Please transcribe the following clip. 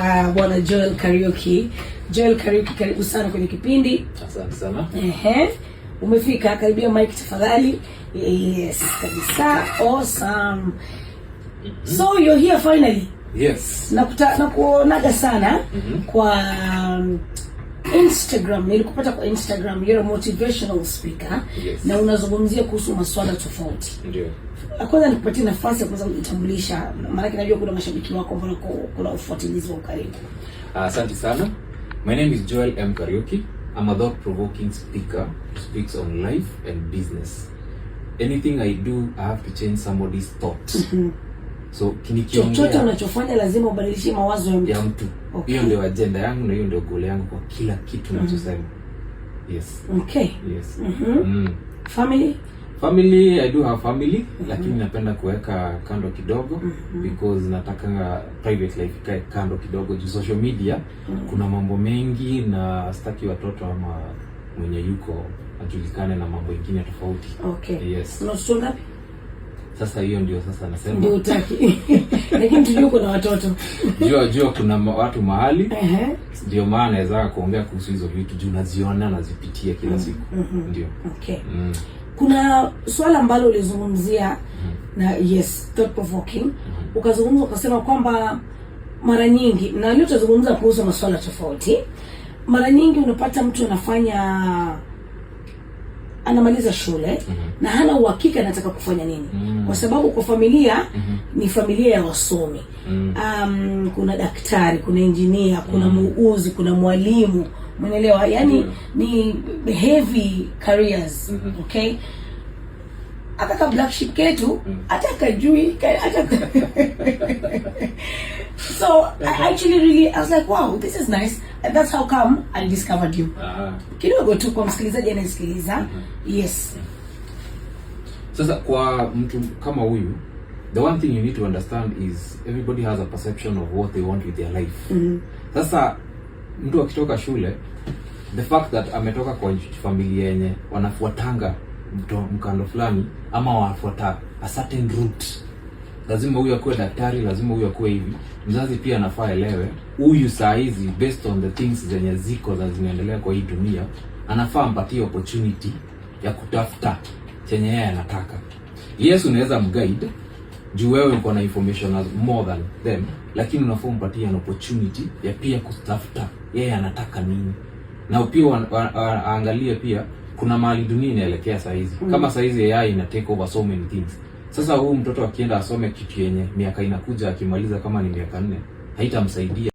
uh, bwana Joel Kariuki. Joel Kariuki, karibu sana kwenye kipindi. Asante sana. Ehe. Umefika, karibia mic tafadhali. Yes, kabisa. Awesome. Mm-hmm. So you're here finally. Yes. Nakuta nakuonaga sana mm -hmm. kwa um, Instagram, nilikupata kwa Instagram, you're a motivational speaker yes. na unazungumzia kuhusu masuala tofauti. Ndio. Kwanza nikupatie nafasi ya kuweza kujitambulisha, maanake najua kuna mashabiki wako ambao kuna ufuatilizi wa ukaribu. Asante uh, sana. My name is Joel M. Kariuki. I'm a thought-provoking speaker who speaks on life and business. Anything I do, I have to change somebody's thoughts. Mm -hmm. So chochote unachofanya lazima ubadilishe mawazo ya mtu, ya mtu. Okay. Hiyo ndio ajenda yangu na hiyo ndio goal yangu kwa kila kitu mm-hmm. ninachosema. mm -hmm. Yes. Okay. Yes. Mm -hmm. Mm. Family? Family, I do have family mm -hmm. Lakini napenda kuweka kando kidogo mm -hmm. because nataka private life ikae kando kidogo juu social media mm -hmm. kuna mambo mengi na sitaki watoto ama mwenye yuko ajulikane na mambo mengine tofauti. Okay. Yes. Una ngapi? Sasa hiyo ndio sasa nasema ndio utaki, lakini tujue kuna watoto jua jua kuna watu mahali ndio uh -huh. maana naweza kuongea kuhusu hizo vitu juu naziona nazipitia kila mm, siku mm -hmm. ndio okay mm. Kuna swala ambalo ulizungumzia mm -hmm. na yes thought provoking mm -hmm. ukazungumza ukasema kwamba mara nyingi, na leo tutazungumza kuhusu masuala tofauti. Mara nyingi unapata mtu anafanya anamaliza shule mm -hmm. na hana uhakika anataka kufanya nini mm -hmm. kwa sababu kwa familia mm -hmm. ni familia ya wasomi mm -hmm. um, kuna daktari, kuna injinia, kuna mm -hmm. kuna mwalimu, mwenelewa Yani mm -hmm. ni heavy careers mm -hmm. okay hata ka black sheep ketu mm. hata kajui hata so I actually really I was like wow this is nice And that's how come I discovered you. Ah. Kidogo tu kwa msikilizaji anayesikiliza. Mm -hmm. Yes. Sasa kwa mtu kama huyu the one thing you need to understand is everybody has a perception of what they want with their life. Mm -hmm. Sasa mtu akitoka shule the fact that ametoka kwa familia yenye wanafuatanga mkando fulani ama wanafuata a certain route lazima huyu akuwe daktari, lazima huyu akuwe hivi. Mzazi pia anafaa elewe huyu saa hizi, based on the things zenye ziko za zinaendelea kwa hii dunia, anafaa mpatie opportunity ya kutafuta chenye yeye anataka. Yesu unaweza mguide juu wewe uko na information as more than them, lakini unafaa umpatie an opportunity ya pia kutafuta yeye anataka nini, na pia aangalie pia kuna mahali dunia inaelekea saa hizi. mm. Kama saa hizi AI ina take over so many things sasa huu mtoto akienda asome kitu yenye miaka inakuja, akimaliza kama ni miaka nne haitamsaidia.